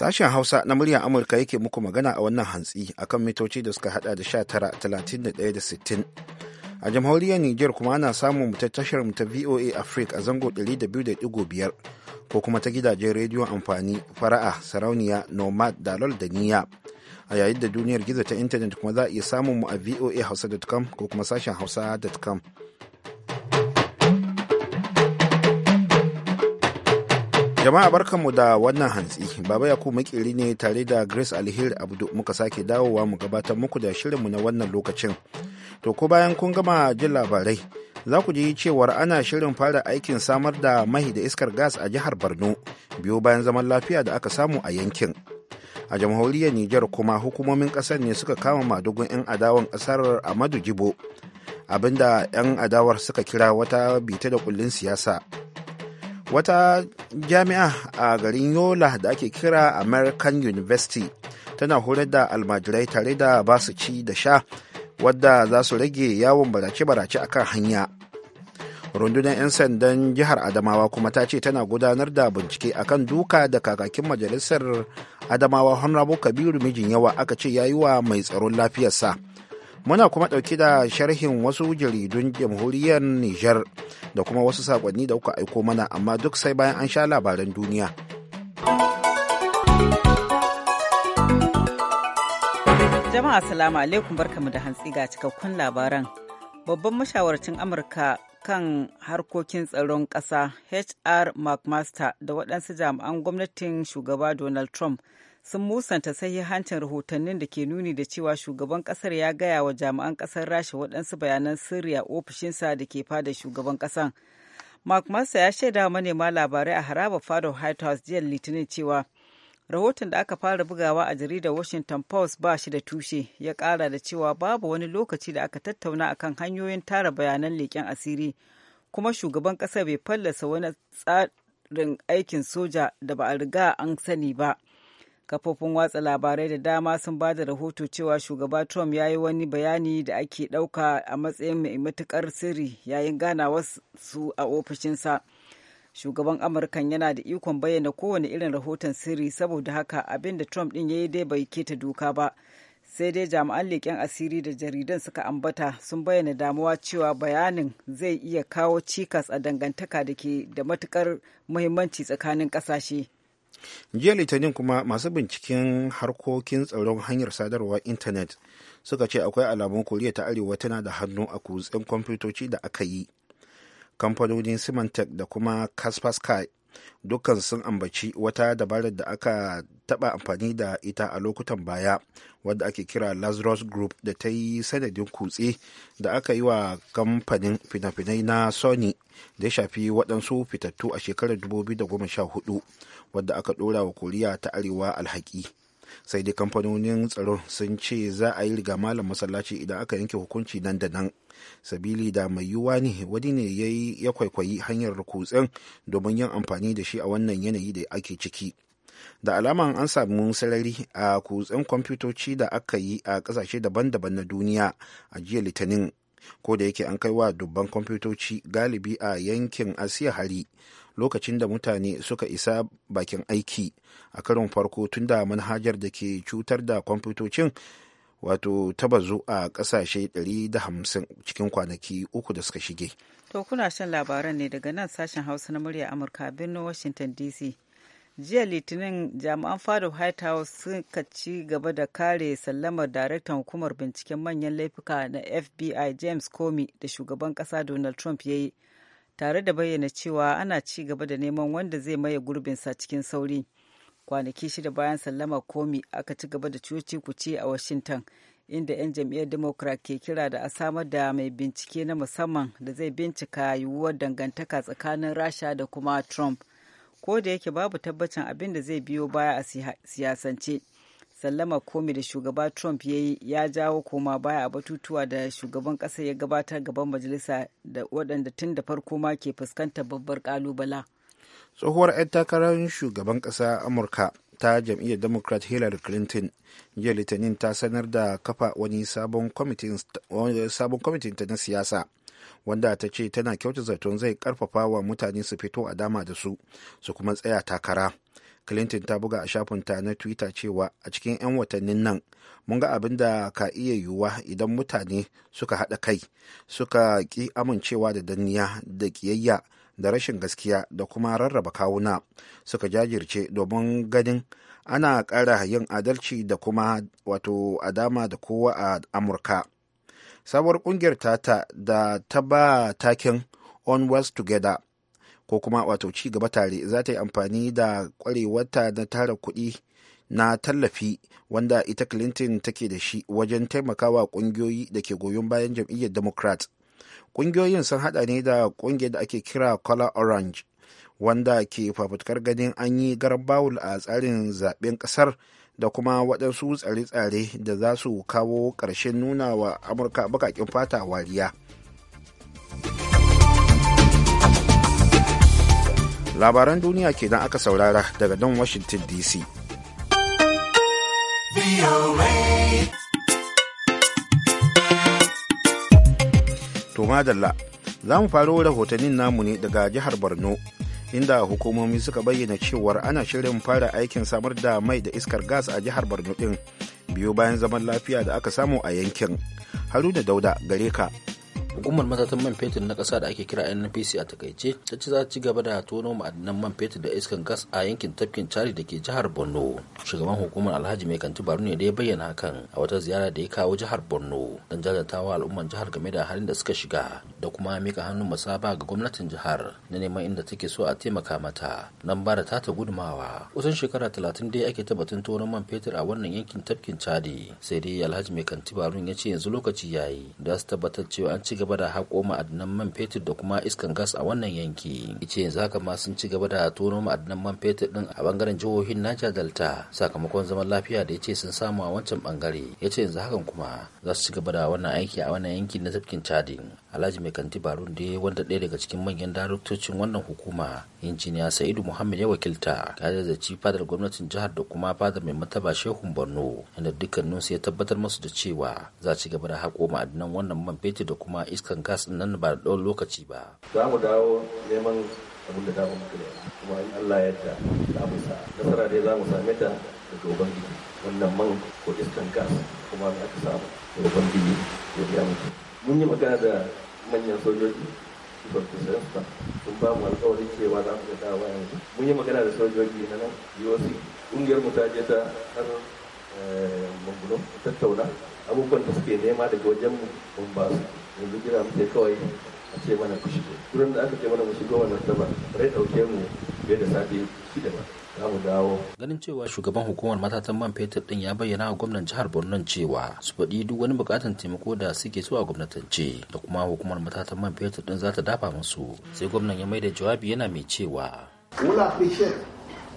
Sashen Hausa na muryar Amurka yake muku magana a wannan hantsi akan mitoci da suka hada da 19, talatin da 60. A jamhuriyar Nijar kuma ana samun mu ta tashar mu ta VOA Africa a zango 200.5 ko kuma ta gidajen rediyon amfani fara'a sarauniya nomad dalol da niya. A yayin da duniyar gizo ta intanet kuma za a iya samun mu a voa hausa.com ko kuma sashen hausa.com. Jama'a barkanmu da wannan hantsi, Baba Yakubu makeri ne tare da Grace alhiri Abdu muka sake dawowa mu gabatar muku da shirinmu na wannan lokacin. To ko bayan kun gama jin labarai, za ku ji cewar ana shirin fara aikin samar da mai da iskar gas a jihar Borno, biyo bayan zaman lafiya da aka samu a yankin. A jamhuriyar Nijar kuma hukumomin ƙasar ne suka kama madugun 'yan adawan ƙasar Amadu Jibo, abinda 'yan adawar suka kira wata bita da kullin siyasa. wata jami'a a garin yola da ake kira american university tana horar da almajirai tare da basu ci da sha wadda za su rage yawon barace-barace a kan hanya rundunar 'yan sandan jihar adamawa kuma ta ce tana gudanar da bincike akan duka da kakakin majalisar adamawa honorable kabiru mijin yawa aka ce ya yi wa mai tsaron lafiyarsa muna kuma ɗauki da sharhin wasu jaridun jamhuriyar Nijar da kuma wasu saƙonni da kuka aiko mana amma duk sai bayan an sha labaran duniya. Jama'a salamu alaikum barkamu da hantsi ga cikakkun labaran. babban mashawarcin amurka kan harkokin tsaron ƙasa hr mcmaster da waɗansu jami'an gwamnatin shugaba donald trump sun musanta sahihancin rahotannin da ke nuni da cewa shugaban ƙasar ya gaya wa jami'an ƙasar rasha waɗansu bayanan sirri a ofishinsa da ke fada shugaban ƙasan mcmaster ya shaida manema labarai a haraba Fado white house jiya litinin cewa rahoton da aka fara bugawa a jaridar washington post ba shi da tushe ya kara da cewa babu wani lokaci da aka tattauna a kan hanyoyin tara bayanan leƙen asiri kuma shugaban ƙasa bai fallasa wani tsarin aikin soja da ba a riga an sani ba kafofin watsa labarai da dama sun ba da rahoto cewa shugaba trump ya yi wani bayani da ake ɗauka a matsayin mai matuƙar sirri yayin ganawarsu a ofishinsa. shugaban amurkan yana da ikon bayyana kowane irin rahoton sirri saboda haka abin da trump din ya yi dai bai keta doka ba sai dai jami'an leƙen asiri da jaridan suka ambata sun bayyana damuwa cewa bayanin zai iya kawo cikas a dangantaka da ke da matukar muhimmanci tsakanin ƙasashe jiya litinin kuma masu binciken harkokin tsaron hanyar sadarwar intanet suka ce akwai alamun koriya ta arewa tana da hannu a kutsen kwamfutoci da aka yi kamfanonin simantec da kuma kaspersky dukkan sun ambaci wata dabarar da aka taba amfani da ita a lokutan baya wadda ake kira lazarus group da ta yi sanadin kutse da aka yi wa kamfanin fina-finai na sony da ya shafi waɗansu fitattu a shekarar 2014 wadda aka ɗora wa koriya ta arewa alhaki sai dai kamfanonin tsaron sun ce za a yi riga malam masallaci idan aka yanke hukunci nan da nan sabili da mai yiwuwa ne wani ne ya kwaikwayi hanyar kutsen domin yin amfani da shi a wannan yanayi da ake ciki da alaman an samu sarari a kutsen kwamfutoci da aka yi a ƙasashe daban-daban na duniya a jiya litinin ko da yake an kai wa dubban kwamfutoci galibi a yankin asiya hari lokacin da mutane suka isa bakin aiki a karin farko tun da manhajar da ke cutar da kwamfutocin wato ta bazu a kasashe 150 cikin kwanaki uku da suka shige. To kuna shan labaran ne daga nan sashen Hausa na murya Amurka birnin Washington DC. Jiya Litinin jami'an fadar White House suka ci gaba da kare sallamar daraktan hukumar binciken manyan laifuka na FBI James Comey da shugaban kasa Donald Trump ya yi, tare da bayyana cewa ana ci gaba da neman wanda zai maye gurbinsa cikin sauri. kwanaki shida bayan sallama komi aka ci gaba da cuci kuce a washington inda 'yan jam'iyyar democrat ke kira da a samar da mai bincike na musamman da zai bincika yiwuwar dangantaka tsakanin rasha da kuma trump ko da yake babu tabbacin abin da zai biyo baya a siyasance sallama komi da shugaba trump ya yi ya jawo koma baya a batutuwa da shugaban kasa ya gabatar gaban majalisa da waɗanda tun da farko ma ke fuskantar babbar ƙalubala. tsohuwar 'yan takarar shugaban ƙasa amurka ta jam'iyyar democrat hillary clinton jiya litinin ta sanar da kafa wani sabon kwamitin ta na siyasa wanda ta ce tana kyauta zaton zai karfafa wa mutane su fito a dama da su su kuma tsaya takara clinton ta buga a shafin ta na twitter cewa a cikin 'yan watannin nan mun ga abin da ka iya yiwuwa idan mutane suka haɗa kai suka ki amincewa da danniya da ƙiyayya da rashin gaskiya da kuma rarraba kawuna suka jajirce domin ganin ana ƙara yin adalci da kuma wato adama da kowa a amurka sabuwar ƙungiyar tata da ta ba takin on west together ko kuma wato ci gaba tare za ta yi amfani da kwarewata na tara kuɗi na tallafi wanda ita clinton take da shi wajen taimakawa ƙungiyoyi da ke goyon bayan jam'iyyar democrat ƙungiyoyin sun haɗa ne da ƙungiyar da ake kira color orange wanda ke fafutukar ganin an yi garbawul a tsarin zaben ƙasar da kuma waɗansu tsare-tsare da za su kawo ƙarshen nuna wa amurka baƙaƙen fata wariya labaran duniya kenan aka saurara daga nan washington dc To madalla, za mu faro rahotannin namu ne daga jihar Borno, inda hukumomi suka bayyana cewar ana shirin fara aikin samar da mai da iskar gas a jihar Borno ɗin, biyu bayan zaman lafiya da aka samu a yankin. Haruna Dauda gare ka. Hukumar matatan man fetur na kasa da ake kira NNPC a takaice ta ci za ta ci gaba da tono ma'adanan man fetur da iskan gas a yankin tafkin cari da ke jihar Borno. Shugaban hukumar Alhaji Mai Kanti Baru ne da ya bayyana hakan a wata ziyara da ya kawo jihar Borno don jajantawa al'umman jihar game da halin da suka shiga da kuma mika hannun musaba ga gwamnatin jihar na neman inda take so a taimaka mata nan ba da tata gudumawa. Kusan shekara talatin dai ake tabbatun tonon man fetur a wannan yankin tafkin cari sai dai Alhaji Mai Kanti Baru ya ce yanzu lokaci yayi da su tabbatar cewa an ci gaba da haƙo ma'adinan man fetur da kuma iskan gas a wannan yanki ice yanzu haka ma sun ci gaba da tono ma'adinan man fetur din a bangaren jihohin Naja Delta sakamakon zaman lafiya da ya ce sun samu a wancan bangare yace yanzu hakan kuma za su ci gaba da wannan aiki a wannan yanki na zafkin Chadin alhaji mai kanti barun da wanda ɗaya daga cikin manyan daraktocin wannan hukuma injiniya sa'idu muhammad ya wakilta ya zazzaci fadar gwamnatin jihar da kuma fadar mai mataba shehun borno inda dukkanin su ya tabbatar masu da cewa za ci gaba da haƙo ma'adinan wannan man fetur da kuma iskan gas din nan ba da ɗaukar lokaci ba. za mu dawo neman abin da dama muka nema kuma in allah yadda za mu sa nasara dai za mu same ta daga ubangiji wannan man ko iskan gas kuma aka samu da ubangiji ya biya mutu. mun yi magana da manyan sojoji sun ba mu alkawarin cewa za mu wa yanzu mun yi magana da sojoji na nan uoc ƙungiyar mu ta je ta har eh, mambuno tattauna abubuwan da suke nema daga wajen mu mun ba su yanzu jira muke kawai a ce mana ku shigo wurin da aka ce mana mu shigo wannan saba rai ɗauke mu fiye da sati shida ba Ganin cewa shugaban hukumar matatan man fetur din ya bayyana wa gwamnan jihar Borno cewa su faɗi duk wani bukatan taimako da suke so a gwamnatance da kuma hukumar matatan man fetur din za ta dafa musu. Sai gwamnan ya maida jawabi yana mai cewa. We'll appreciate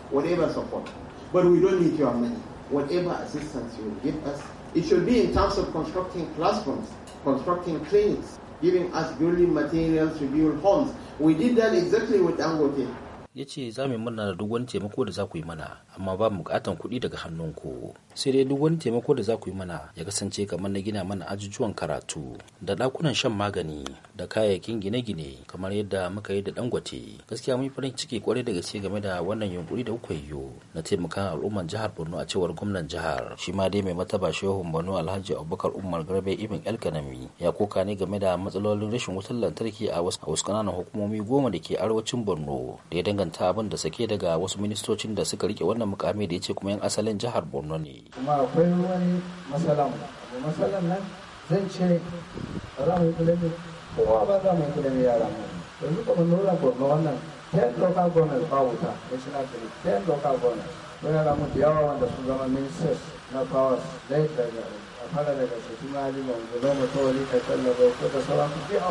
whatever support, but we don't need your money. Whatever assistance you give us, it should be in terms of constructing classrooms, constructing clinics, giving us building materials to build homes. We did that exactly with Dangote. ya ce za mu murna da duk wani taimako da za ku yi mana amma ba mu bukatan kuɗi daga hannunku sai dai duk wani taimako da za ku yi mana ya kasance kamar na gina mana ajujuwan karatu da ɗakunan shan magani da kayayyakin gine-gine kamar yadda muka yi da dangote gaskiya mun farin ciki kwarai da gaske game da wannan yunkuri da kuka yi na taimaka al'umman jihar borno a cewar gwamnan jihar shi ma dai mai mataba shehun borno alhaji abubakar umar garbe ibn elkanami ya koka ne game da matsalolin rashin wutar lantarki a wasu kananan hukumomi goma da ke arewacin borno da ya danganta abin da sake daga wasu ministocin da suka rike wannan mukami da ya ce kuma yan asalin jihar borno ne kuma akwai wani masalan abu masalan nan zan ce ba za mu yi kulemi kowa ba za mu yi kulemi yara mu yanzu mun nuna borno wannan ten local governors ba wuta na grid ten local governors wani yara mu da yawa wanda sun zama ministers na powers dai daga a fara daga shekin mali manzo na mutawali da tallaba ko da sauran su da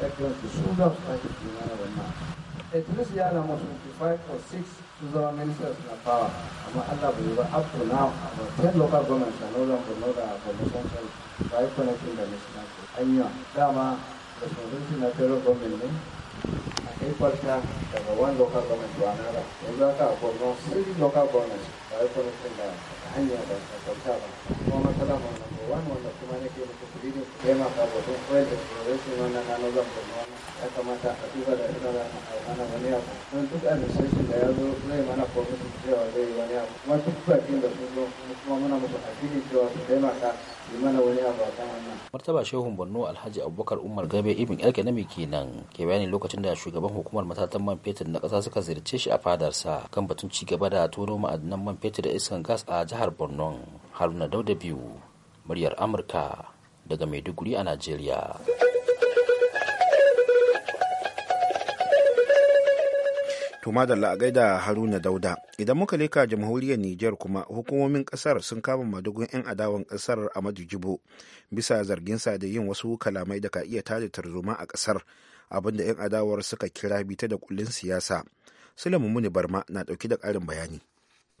ya da su za su sake juna na wannan at least ya na musu 5 or 6 to zama ministers na power amma Allah bai ba up to now about 10 local governments are no longer know that for the conversation by connecting the national to anya dama the responsibility na federal government ne a kai kwalta daga one local government to another yanzu aka akwai no three local governments by connecting da hanya da kwalta ba kuma matsala ma number one wanda kuma ke mutu kudi ne ba taimaka wajen oil exploration wannan na nozan borno wannan ya kamata a duba da ina da mana wani abu don duk administration da ya zo zai mana promisin cewa zai yi wani abu kuma duk bakin da sun zo kuma muna musu addini cewa su taimaka yi mana wani abu a kan wannan. martaba shehun borno alhaji abubakar umar gabe ibn elkanami kenan ke bayani lokacin da shugaban hukumar matatan man fetur na kasa suka ziyarce shi a fadarsa kan batun cigaba da tono ma'adanan man fetur da iskan gas a jihar borno haruna dauda biyu muryar amurka daga maiduguri a najeriya. To da a gaida Haruna Dauda. Idan muka leka jamhuriyar Nijar kuma hukumomin kasar sun kama madugun 'yan adawan kasar a Jibo bisa zarginsa da yin wasu kalamai da ka iya tada tarzoma a kasar abinda 'yan adawar suka kira bita da kullin siyasa. Sulaimu Muni Barma na dauki da ƙarin bayani.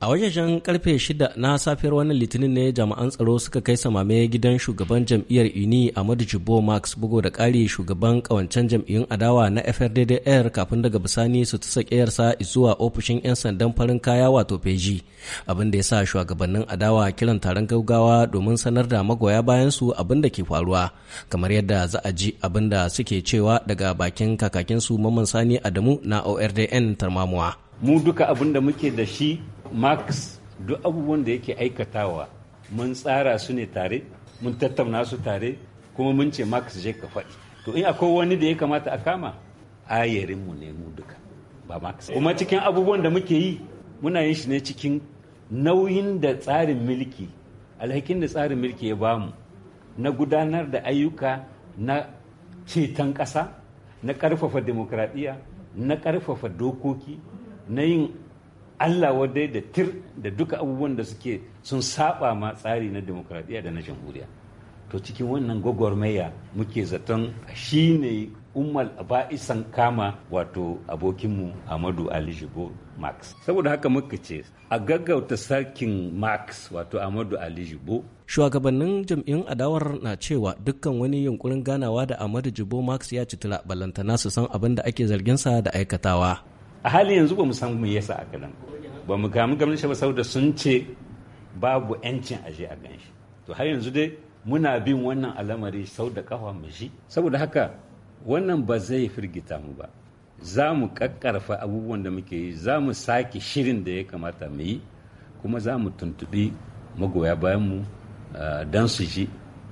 A wajen karfe shida na safiyar wannan litinin ne jami'an tsaro suka kai samame gidan shugaban jam'iyyar Ini Ahmadu Jibo Max bugo da ƙari shugaban kawancen jam'iyyun adawa na FRDDR kafin daga bisani su ta sakiyarsa zuwa ofishin 'yan sandan farin kaya wato feji abin da ya sa shugabannin adawa kiran taron gaugawa domin sanar da magoya bayan su abin da ke faruwa kamar yadda za a ji abin da suke cewa daga bakin kakakin su Mamman Sani Adamu na ORDN Tarmamuwa. Mu duka abin da muke da shi Marx duk abubuwan da yake aikatawa mun tsara su ne tare, mun tattauna su tare, kuma mun ce Marx je ka faɗi. To in akwai wani da ya kamata a kama, ayarinmu ne mu duka, ba Marx. Kuma cikin abubuwan da muke yi, muna yin shi ne cikin nauyin da tsarin mulki, alhakin da tsarin mulki ya bamu na gudanar da ayyuka na ceton ƙasa, na ƙarfafa demokradiyya, na ƙarfafa dokoki, na yin Allah wadai da tir da duka abubuwan da suke sun saba ma tsari na demokradiyya da na jamhuriya to cikin wannan gwagwarmaya muke zaton shi ne ummal ba'isan kama wato abokinmu amadu ali jibo max saboda haka muka ce a gaggauta sarkin max wato amadu ali jibo shugabannin jam'in adawar na cewa dukkan wani yunkurin ganawa da amadu jibo max ya citila ballantana su san abin da ake zargin sa da aikatawa a halin yanzu ba mu san me yasa aka nan ba mu kamu gamnishi ba saboda sun ce babu yancin aje a ganshi to har yanzu dai muna bin wannan al'amari sau da kafa mu shi saboda haka wannan ba zai firgita mu ba za mu kakkarfa abubuwan da muke yi za mu sake shirin da ya kamata mu yi kuma za mu tuntuɓi magoya mu don su ji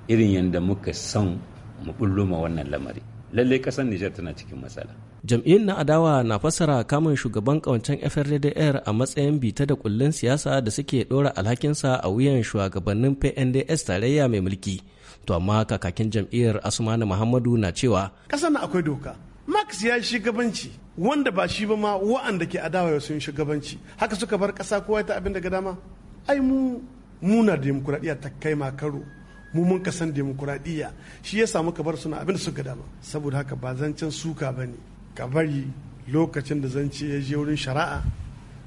irin yadda muka son mu bullo ma wannan lamari lallai ƙasar nijar tana cikin matsala jam'iyyun na adawa na fassara kamun shugaban kawancen FRDR a matsayin bita da kullun siyasa da suke dora alhakinsa a wuyan shugabannin PNDS tarayya mai mulki. To amma kakakin jam'iyyar Asmanu Muhammadu na cewa Kasan na akwai doka. Max ya yi shugabanci wanda ba shi ba ma wa'anda ke adawa ya sun shugabanci. Haka suka bar kasa kowa ta abin daga dama. Ai mu muna demokuraɗiyya ta kai makaro. mu mun kasan demokuraɗiyya shi ya samu kabar suna abin da suka dama saboda haka ba zancen suka ba ne ka bari lokacin da zan ce ya je wurin shari'a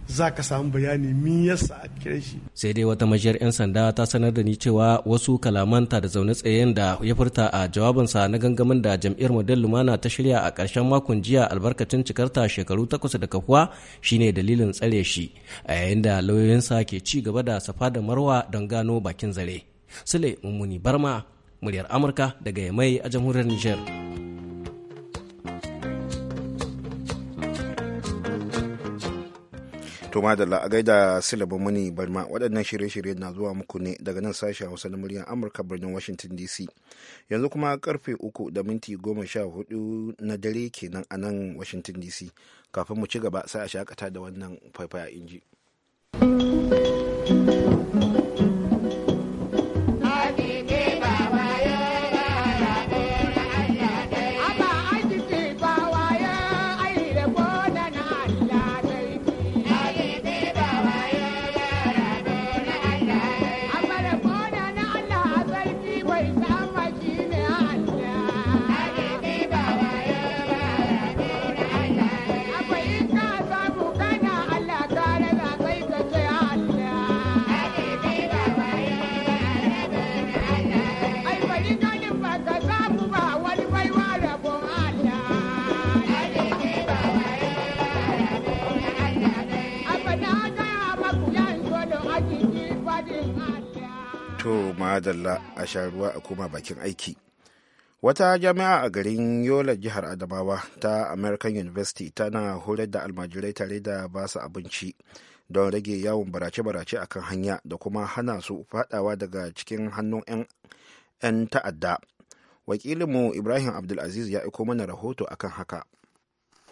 za ka samu bayani min yasa a kira shi. Sai dai wata majiyar 'yan sanda ta sanar da ni cewa wasu kalamanta da zaune tsayen da ya furta a jawabinsa na gangamin da jam'iyyar model lumana ta shirya a ƙarshen makon jiya albarkacin cikarta shekaru takwas da kafuwa shine dalilin tsare shi a yayin da lauyoyinsa ke ci gaba da safa da marwa don gano bakin zare. Sule Mummuni Barma, muryar Amurka daga Yamai a jamhuriyar Nijar. To madalla a gaida silabin muni barma waɗannan shirye shiryen na zuwa muku ne daga nan sashen Hausa na muryar Amurka birnin Washington DC. Yanzu kuma karfe uku da minti goma sha hudu na dare kenan a nan Washington DC. Kafin mu ci gaba sai a shakata da wannan faifaya inji. madalla a sha ruwa a koma bakin aiki wata jami'a a garin yola jihar adamawa ta american university tana horar da almajirai tare da ba su abinci don rage yawon barace-barace akan hanya da kuma hana su fadawa daga cikin hannun 'yan ta'adda wakilinmu ibrahim abdulaziz ya iko mana rahoto akan haka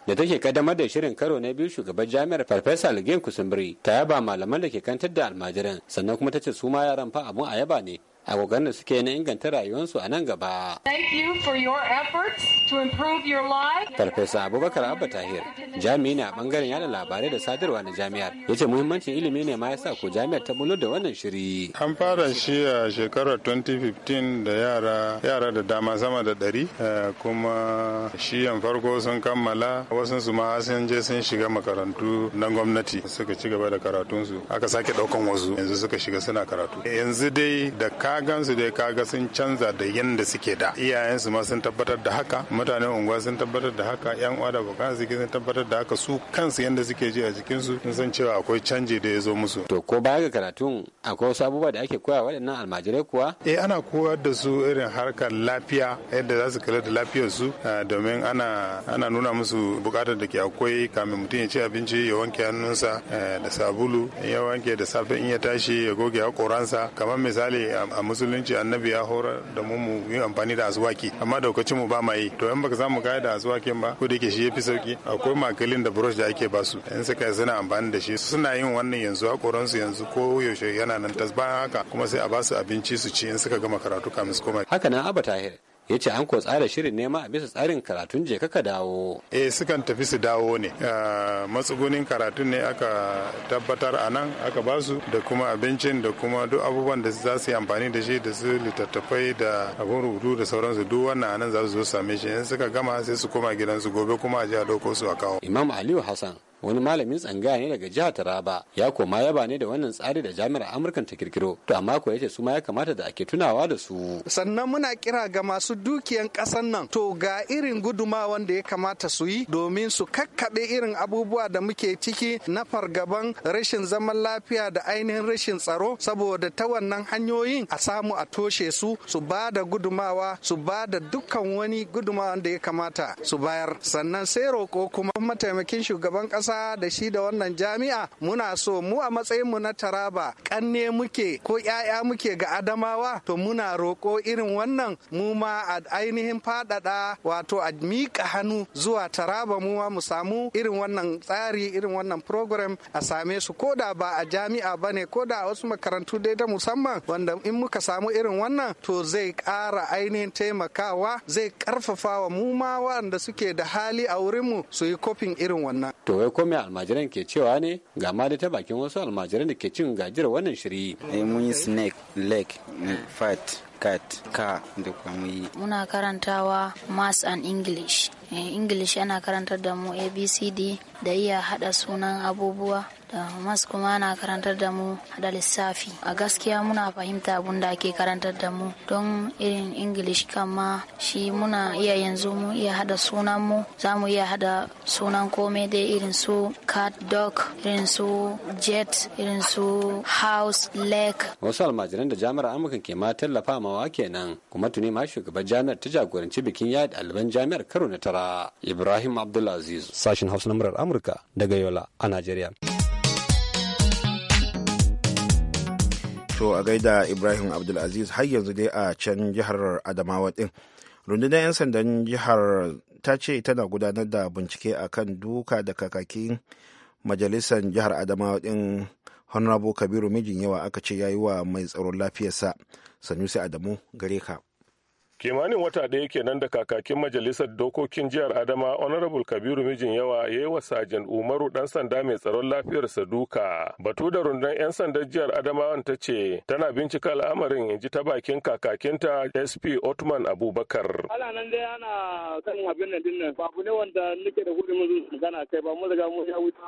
da take kaddamar da shirin karo na biyu shugaban jami'ar farfesa algen kusumbri ta yaba malaman da ke kantar da almajiran sannan kuma ta ce su ma yaran fa abun a yaba ne a da suke na inganta rayuwarsu a nan gaba. Thank you for your efforts to improve your life. Farfesa Abubakar Abba Tahir jami'i ne a bangaren yada labarai da sadarwa na jami'ar ya ce muhimmancin ilimi ne ma yasa ko jami'ar ta bulo da wannan shiri. An fara shi a shekarar 2015 da yara yara da dama sama da ɗari eh, kuma shiyan farko sun kammala wasu su ma sun je sun shiga makarantu na gwamnati suka ci gaba da karatunsu aka sake ɗaukan wasu yanzu suka shiga suna karatu. Yanzu dai da gansu dai kaga sun canza da yanda suke da iyayensu ma sun tabbatar da haka mutanen unguwa sun tabbatar da haka yan uwa da bukan su sun tabbatar da haka su kansu yanda suke ji a su sun san cewa akwai canji da ya zo musu to ko baya ga karatun akwai wasu abubuwa da ake koya waɗannan almajirai kuwa eh ana koyar da su irin harkar lafiya yadda za su kula da lafiyar su eh, domin ana ana nuna musu bukatar da ke akwai kamin mutum ya ci abinci ya wanke hannunsa eh, da sabulu ya wanke da safe in ya tashi ya goge hakoransa kamar misali musulunci annabi ya horar da mu mu yi amfani da azuwaki amma daukacin mu ba ma yi to in baka samu kaya da azuwakin ba ko da yake shi yafi sauki akwai makalin da brush da ake ba su in suka suna amfani da shi suna yin wannan yanzu a su yanzu ko yaushe yana nan tas bayan haka kuma sai a ba su abinci su ci in suka gama karatu kamis su koma haka nan abata ya ce an ko tsara shirin nema a bisa tsarin karatun je kaka dawo eh sukan tafi su dawo ne ah, matsugunin karatun ne aka tabbatar a nan aka ba su da kuma abincin da kuma duk abubuwan da za su yi amfani da shi da su littattafai da abun rubutu da sauransu duk wannan anan za su zo same shi in suka gama sai su koma gidansu gobe kuma a je a ɗauko su a kawo imam aliyu hassan wani malamin tsangaya ne daga jihar Taraba ya koma yaba ne da wannan tsari da jami'ar Amurkan ta kirkiro to amma ko yace su ma ya kamata da ake tunawa da su sannan muna kira ga masu dukiyan kasan nan to ga irin guduma wanda ya kamata su yi domin su kakkabe irin abubuwa da muke ciki na fargaban rashin zaman lafiya da ainihin rashin tsaro saboda ta wannan hanyoyin a samu a toshe su su ba da gudumawa su ba da dukkan wani gudumawa da ya kamata su bayar sannan sai roko kuma mataimakin shugaban kasa kasa da shi da wannan jami'a muna so mu a matsayin mu na taraba ƙanne muke ko ƴaƴa muke ga adamawa to muna roƙo irin wannan mu ma a ainihin faɗaɗa wato a miƙa hannu zuwa taraba mu ma mu samu irin wannan tsari irin wannan program a same su ko da ba a jami'a ba ne ko da a wasu makarantu dai da musamman wanda in muka samu irin wannan to zai ƙara ainihin taimakawa zai ƙarfafa wa mu ma wanda suke da hali a wurinmu su yi kofin irin wannan. To komai almajiran ke cewa ne ga ma ta bakin wasu almajiran da ke cin gajiyar wannan shiri eh, mun yi snake leg fat cat ka da kuma yi muna karantawa mass and english eh, english yana karantar da mu abcd da iya hada sunan abubuwa Eh, mas kuma ana karantar da mu da lissafi a gaskiya muna fahimta abun da ake karantar da mu don irin ingilish kama shi muna iya yanzu mu iya hada sunan mu za mu iya hada sunan komai da irin su cat dog irin su jet irin su house lake wasu almajiran da jami'ar amurka ke ma tallafa mawa kenan kuma tuni ma shugaban jami'ar ta jagoranci bikin yaya ɗaliban jami'ar karo na tara ibrahim abdulaziz sashen hausa na murar amurka daga yola a najeriya. to a gaida ibrahim abdulaziz har yanzu dai a can jihar adamawa din rundunar 'yan sandan jihar ta ce tana gudanar da bincike a kan duka da kakakin majalisar jihar adamawa din honorable kabiru mijin yawa aka ce ya yi wa mai tsaron lafiyarsa sanusi adamu gare ka kimanin wata ɗaya kenan da kakakin majalisar dokokin jihar adama honorable kabiru mijin yawa ya yi wa sajan umaru ɗan sanda mai tsaron lafiyar duka, batu da rundun 'yan sandan jihar adamawan ta ce tana bincika al'amarin in ji ta bakin kakakinta sp otman abubakar ala nan dai ana kan abin nan dinnan ba ne wanda nake da hudumin magana kai ba mu riga mu ya wuce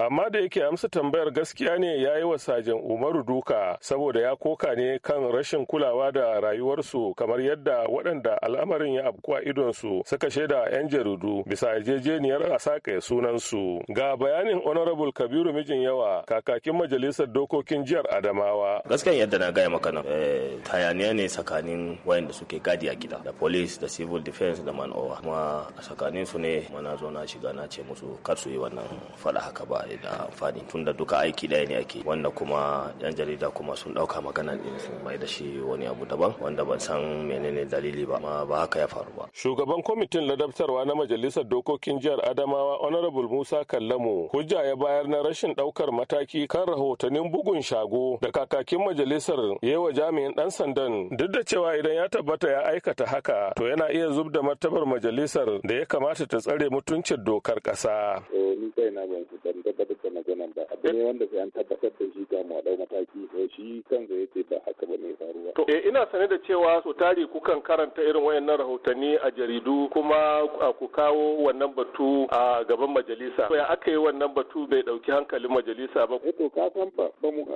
amma da yake amsa tambayar gaskiya ne ya yi wa sajan umaru duka saboda ya koka ne kan rashin kulawa da rayuwarsu kamar yadda waɗanda al'amarin ya idon idonsu suka shaida a 'yan jaridu bisa yarjejeniyar a sake sunansu ga bayanin honorable kabiru mijin yawa kakakin majalisar dokokin jihar adamawa gaskiyan yadda na gaya maka nan eh, ne tsakanin wayanda suke gadi a gida da police da civil defense da manowa kuma a tsakanin su ne mana zo na shiga na ce musu kar su yi wannan faɗa haka ba da amfani tunda duka aiki ɗaya ne ake wanda kuma yan jarida kuma sun ɗauka maganan ɗin sun mai da shi wani abu daban wanda ban san mene menene dalili ba ba haka ya faru ba shugaban kwamitin ladabtarwa na majalisar dokokin jihar adamawa honorable musa kallamu hujja ya bayar na rashin daukar mataki kan rahotannin bugun shago da kakakin majalisar ya wa jami'in dan sandan duk da cewa idan ya tabbata ya aikata haka to yana iya zub da martabar majalisar da ya kamata ta tsare mutuncin dokar kasa eh, ne wanda sai an tabbatar da shi ga mu dau mataki eh, shi shi zai ce ba haka bane faruwa ina sane da cewa su tari kukan karanta irin wayannan rahotanni a jaridu kuma ku kawo wannan batu a gaban majalisa. Ya aka yi wannan batu bai ɗauki hankalin majalisa ba. ko eh ka san fa ba mu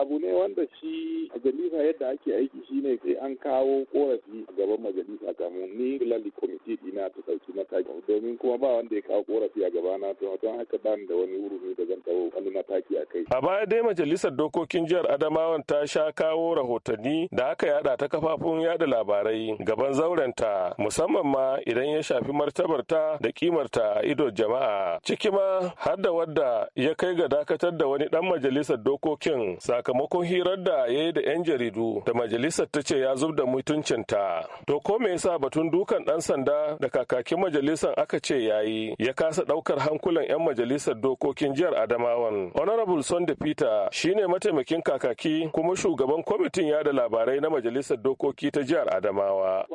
abu ne wanda shi majalisa yadda ake aiki shine sai an kawo korafi a gaban majalisa kamun ni lalli kwamiti dina ta sauki mataki domin kuma ba wanda ya kawo korafi a na to don haka ban da wani hurumi da zan kawo wani mataki a kai. A baya dai majalisar dokokin jihar Adamawan ta sha kawo rahotanni da aka ya yada ta kafafun yada labarai gaban zaurenta musamman ma idan ya shafi martabarta da kimarta a ido jama'a ciki ma har da wadda ya kai ga dakatar da wani dan majalisar dokokin sakamakon hirar da ya yi da 'yan jaridu da majalisar ta ce ya zub da mutuncinta to ko me yasa batun dukan dan sanda da kakakin majalisar aka ce ya yi ya kasa daukar hankulan 'yan majalisar dokokin jihar adamawan honorable sunday peter shine mataimakin kakaki kuma shugaban kwamitin yada labarai na majalisar majalisar dokoki ta jihar Adamawa.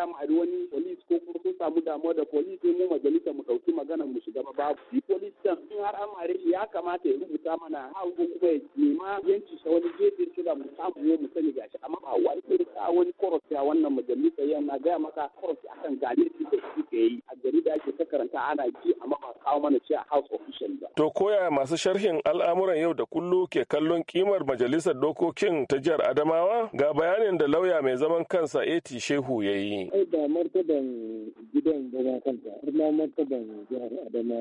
mu mari wani polis ko kuma sun samu damuwa da polis sai mu majalisa mu dauki maganar mu shiga ba babu shi polis ɗin in har an mare shi ya kamata ya rubuta mana ha ko kuma ya nema yanci sa wani gefe shi da mu samu mu sani gashi amma ba wani sai ka wani korofi a wannan majalisa yan na gaya maka korofi akan gane shi da suke yi a jarida ake ta karanta ana ji amma ba kawo mana ce a house official ba. To koya masu sharhin al'amuran yau da kullu ke kallon kimar majalisar dokokin ta jihar Adamawa ga bayanin da lauya mai zaman kansa Eti Shehu ya yi. ne ai ba martaban gidan da na kanta har ma martaban jihar adama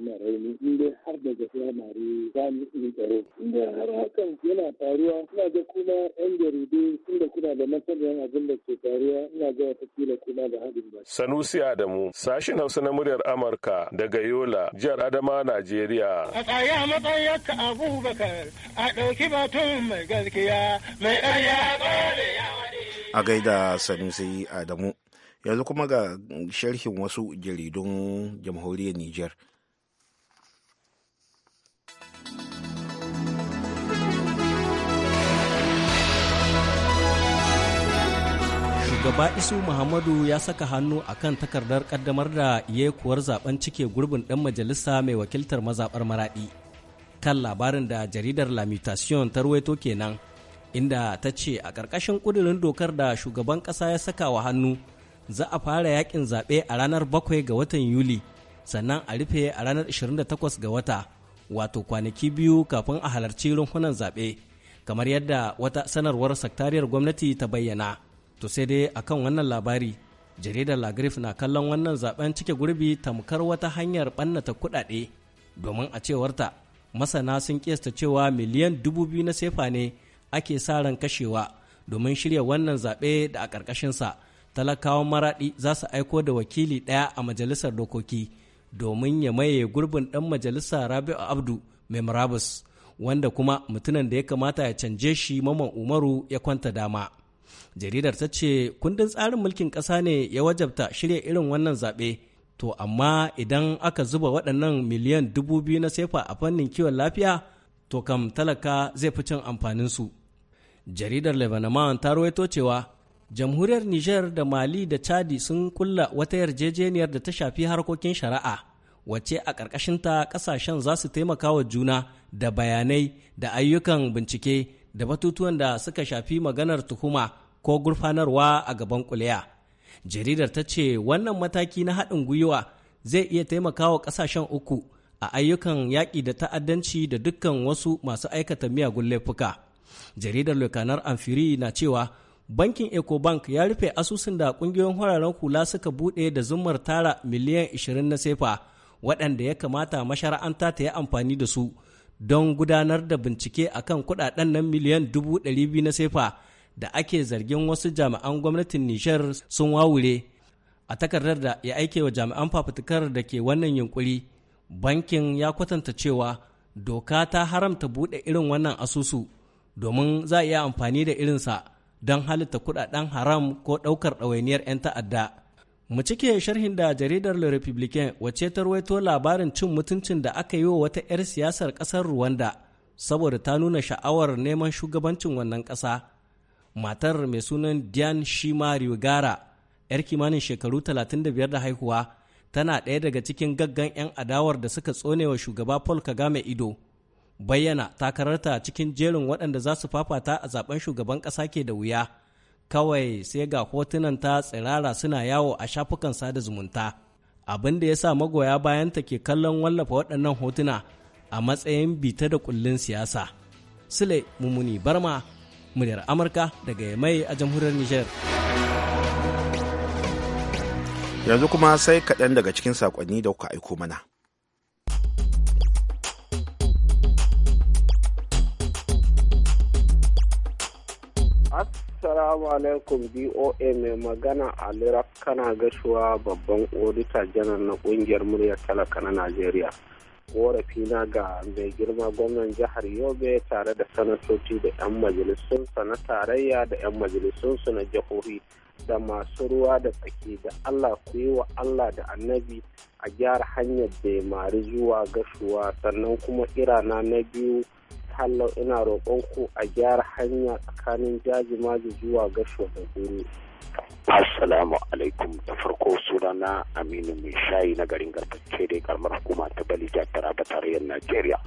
na eh, rauni in dai har da gaskiya mare za mu yi tsaro in har hakan yana faruwa ina ga kuma yan jaridu tunda kuna da masanin abin da ke faruwa ina ga watakila kula da haɗin ba. sanusi adamu sashin hausa na muryar amurka daga yola jihar adama najeriya. a tsaya matsayarka abubakar a ɗauki batun mai gaskiya mai ɗaya a gaida sanusi adamu yanzu kuma ga sharhin wasu jaridun jamhuriyar niger shugaba isu muhammadu ya saka hannu a kan takardar kaddamar da yekuwar zaben cike gurbin ɗan majalisa mai wakiltar mazaɓar maraɗi kan labarin da jaridar lamitation ta ruwaito kenan inda ta ce a ƙarƙashin ƙudurin dokar da shugaban ƙasa ya saka wa hannu za a fara yakin zaɓe a ranar 7 ga watan Yuli sannan a rufe a ranar 28 ga wata wato kwanaki biyu kafin a halarci rumfunan zaɓe kamar yadda wata sanarwar saktariyar gwamnati ta bayyana to sai dai kan wannan labari jaridar lagrif na kallon wannan zaben cike gurbi tamkar wata hanyar ɓannata kuɗaɗe domin a cewarta masana sun kesta cewa miliyan dubu biyu na sefa ne ake sa ran kashewa domin shirya wannan zaɓe da a ƙarƙashinsa talakawan maraɗi za su aiko da wakili ɗaya a majalisar dokoki domin ya maye gurbin ɗan majalisa rabi'u abdu mai murabus wanda kuma mutumin da ya kamata ya canje shi maman umaru ya kwanta dama jaridar ta ce kundin tsarin mulkin ƙasa ne ya wajabta shirya irin wannan zaɓe to amma idan aka zuba waɗannan miliyan dubu biyu na sefa a fannin kiwon lafiya to kam talaka zai fi cin amfaninsu jaridar lebanon ta ruwaito cewa jamhuriyar niger da mali da chadi sun kulla wata yarjejeniyar da ta shafi harkokin shari'a wacce a ƙarƙashin ta ƙasashen za su taimaka wa juna da bayanai da ayyukan bincike da batutuwan da suka shafi maganar tuhuma ko gurfanarwa a gaban kuliya jaridar ta ce wannan mataki na haɗin gwiwa zai iya taimakawa ƙasashen uku a ayyukan yaƙi da ta'addanci da dukkan wasu masu aikata miyagun laifuka jaridar lokanar amfiri na cewa bankin ecobank ya rufe asusun da kungiyoyin hararen hula suka bude da zumar tara miliyan 20 na sefa waɗanda ya kamata mashara'anta ta yi amfani da su don gudanar da bincike akan kuɗaɗen nan miliyan biyu na sefa da ake zargin wasu jami'an gwamnatin nishar sun wawure a takardar da ya aike wa jami'an fafutukar da ke wannan yunkuri bankin ya kwatanta cewa doka ta haramta buɗe irin wannan asusu domin za a iya amfani da irinsa don halitta kudaden haram ko daukar ɗawainiyar 'yan ta'adda. Mu cike sharhin da jaridar Le Republicain wacce ta ruwaito labarin cin mutuncin da aka yi wa wata 'yar siyasar ƙasar ruwanda saboda ta nuna sha'awar neman shugabancin wannan ƙasa. Matar mai sunan dian Shima Rigara, 'yar kimanin shekaru 35 da haihuwa, tana ɗaya daga cikin gaggan 'yan adawar da suka tsonewa shugaba Paul Kagame ido. bayyana takararta cikin jerin waɗanda za su fafata a zaben shugaban ƙasa ke da wuya kawai sai ga hotunan ta tsirara suna yawo a shafukan sada zumunta abin da ya sa magoya bayanta ke kallon wallafa waɗannan hotuna a matsayin bita da kullun siyasa sule mumuni barma muryar amurka daga mai a jamhuriyar niger yanzu kuma sai kaɗan daga cikin saƙonni da kuka aiko mana Assalamu alaikum BOA mai magana Ali kana gashuwa babban odita janar na kungiyar muryar talaka na Najeriya. na ga mai girma gwamnan jihar Yobe tare da sanatoci da 'yan majalisunsa na tarayya da 'yan majalisunsu na jihohi da masu ruwa da tsaki da Allah ku yi wa Allah da annabi a gyara hanyar da mari zuwa gasuwa sannan kuma irana na biyu hallau ina roƙon ku a gyara hanya tsakanin jajimaji zuwa ga shugabanni. Assalamu alaikum da farko sunana Aminu Mai shayi na garin garbace da karamar hukuma ta Bali jihar Taraba tarayyar Najeriya.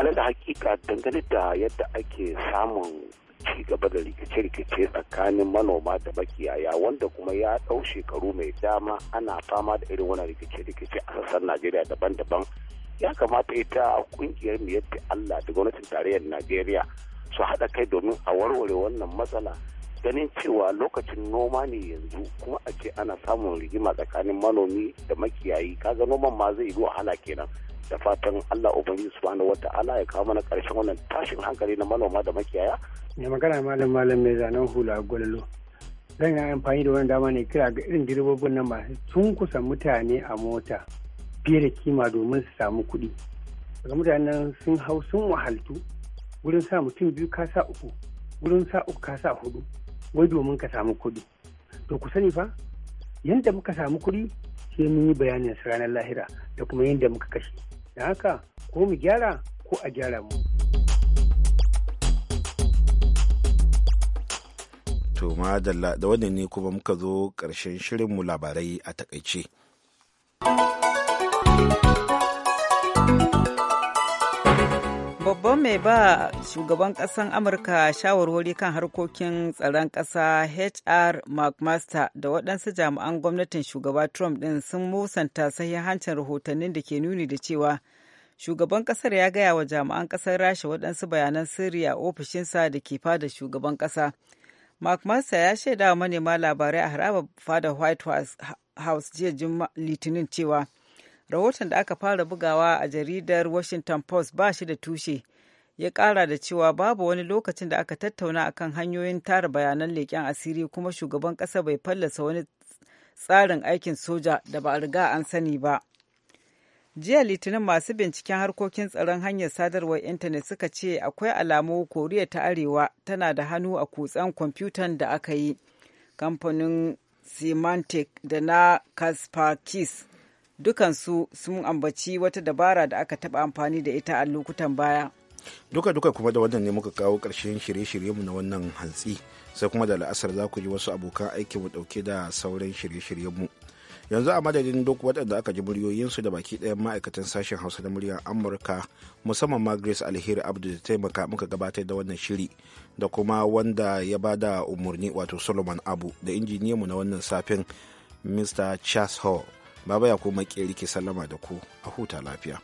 Alal hakika dangane da yadda ake samun ci gaba da rikice-rikice tsakanin manoma da makiyaya wanda kuma ya ɗau shekaru mai dama ana fama da irin wani rikice-rikice a sassan Najeriya daban-daban ya kamata ita a kungiyar yadda Allah da gwamnatin tarayyar Najeriya su haɗa kai domin a warware wannan matsala ganin cewa lokacin noma ne yanzu kuma a ce ana samun rigima tsakanin manomi da makiyayi kaga noman ma zai yi hala kenan da fatan Allah ubangi subhanahu wata'ala ya kawo mana karshen wannan tashin hankali na manoma da makiyaya. Ne magana malam malam mai zanen hula a gwalalo. Zan yi amfani da wani dama ne kira ga irin direbobin nan ba sun cunkusa mutane a mota fiye da kima domin su samu kuɗi daga mutanen sun hau sun wahaltu wurin sa mutum biyu ka sa uku wurin sa uku ka sa hudu wai domin ka samu kuɗi to ku sani fa yadda muka samu kuɗi sai mun yi bayanin su ranar lahira da kuma yadda muka kashe da haka ko mu gyara ko a gyara mu. to madalla da wannan ne kuma muka zo ƙarshen shirinmu labarai a takaice. mai ba shugaban ƙasan amurka shawarwari kan harkokin tsaron ƙasa hr mcmaster da waɗansu jami'an gwamnatin shugaba trump ɗin sun musanta hancin rahotannin da ke nuni da cewa shugaban ƙasar ya gaya wa jami'an ƙasar rasha waɗansu bayanan sirri a ofishinsa da ke fada shugaban ƙasa mcmaster ya shaida wa manema labarai a haraba fada white house jiya litinin cewa rahoton da aka fara bugawa a jaridar washington post ba shi da tushe ya ƙara da cewa babu wani lokacin da aka tattauna akan hanyoyin tara bayanan leƙen asiri kuma shugaban ƙasa bai fallasa wani tsarin aikin soja da ba a riga an sani ba. jiya litinin masu binciken harkokin tsaron hanyar sadarwar intanet suka ce akwai alamu koriya ta arewa tana da hannu a kutsen kwamfutan da aka yi kamfanin semantic da na kasparkis dukansu sun ambaci wata dabara da aka taɓa amfani da ita a lokutan baya duka-duka kuma da wannan ne muka kawo ƙarshen shirye-shiryenmu na wannan hantsi sai kuma da la'asar za ku ji wasu abokan mu ɗauke da sauran shirye-shiryenmu yanzu a madadin duk waɗanda aka ji muryoyinsu da baki ɗayan ma'aikatan sashen hausa na muryar amurka musamman ma alheri abdu da taimaka muka gabatar da wannan shiri da kuma wanda ya ba da umarni wato solomon abu da injiniyanmu na wannan safin mr charles hall baba ya kuma ke sallama da ku a huta lafiya.